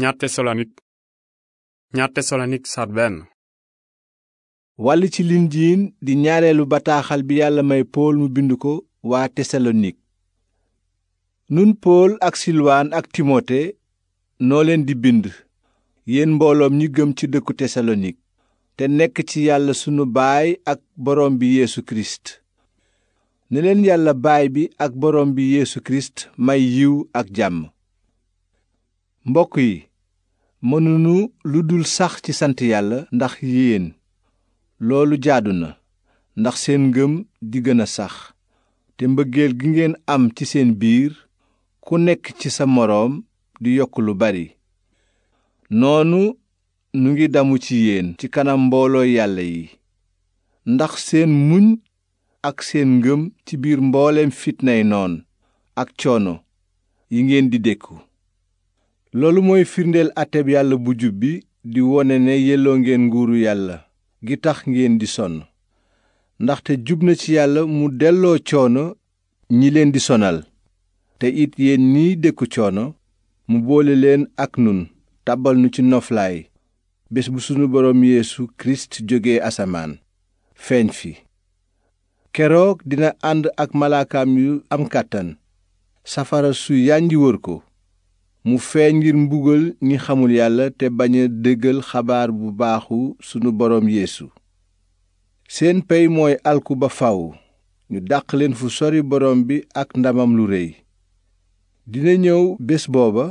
ñaar tesalonik ñaar wàll ci lindiin di ñaareelu bataaxal bi yàlla may pool mu bind ko waa tesalonik nun pool ak silwaan ak timote noo leen di bind yéen mbooloom ñi gëm ci dëkku tesalonik te nekk ci yàlla sunu baay ak borom bi yeesu kirist ne leen yàlla baay bi ak borom bi yeesu kirist may yiw ak jàmm mbokk yi mënunu lu dul sax ci sant yàlla ndax yéen loolu jaadu na ndax seen ngëm di gën a sax te mbëggeel gi ngeen am ci seen biir ku nekk ci sa moroom di yokk lu bari noonu nu ngi damu ci yéen ci kanam mbooloo yàlla yi ndax seen muñ ak seen ngëm ci biir mbooleem fitnay noon ak coono yi ngeen di dékku loolu mooy firndeel àtteb yàlla bu jub bi di wone ne yelloo ngeen nguuru yàlla gi tax ngeen di sonn ndaxte jub na ci yàlla mu delloo coono ñi leen di sonal te it yéen nii dékku coono mu boole leen ak nun tàbbal nu ci noflaay bés bu sunu boroom yeesu kirist jóge asamaan feeñ fi keroog dina ànd ak malaakaam yu am kàttan safara su yànji wër ko mu feeñ ngir mbugal ñi xamul yàlla te bañ a dëggal xabaar bu baaxu sunu borom yéesu seen pey mooy alku ba faw ñu dàq leen fu sori boroom bi ak ndamam lu réy dina ñëw bés booba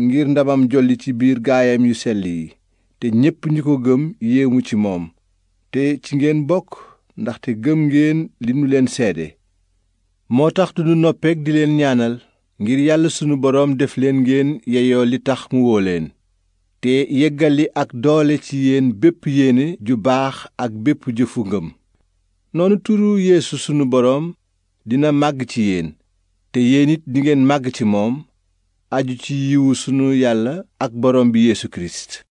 ngir ndamam jolli ci biir gaayam yu sell yi te ñépp ñi ko gëm yéemu ci moom te ci ngeen bokk ndaxte gëm ngeen li nu leen seede moo tax du noppeek di leen ñaanal ngir yàlla sunu borom def leen ngeen yeyoo li tax mu woo leen te yeggali ak doole ci yéen bépp yéene ju baax ak bépp jëfu ngëm noonu turu yeesu sunu borom dina màgg ci yéen te yéen it dingeen màgg ci moom aju ci yiwu sunu yàlla ak boroom bi yeesu kirist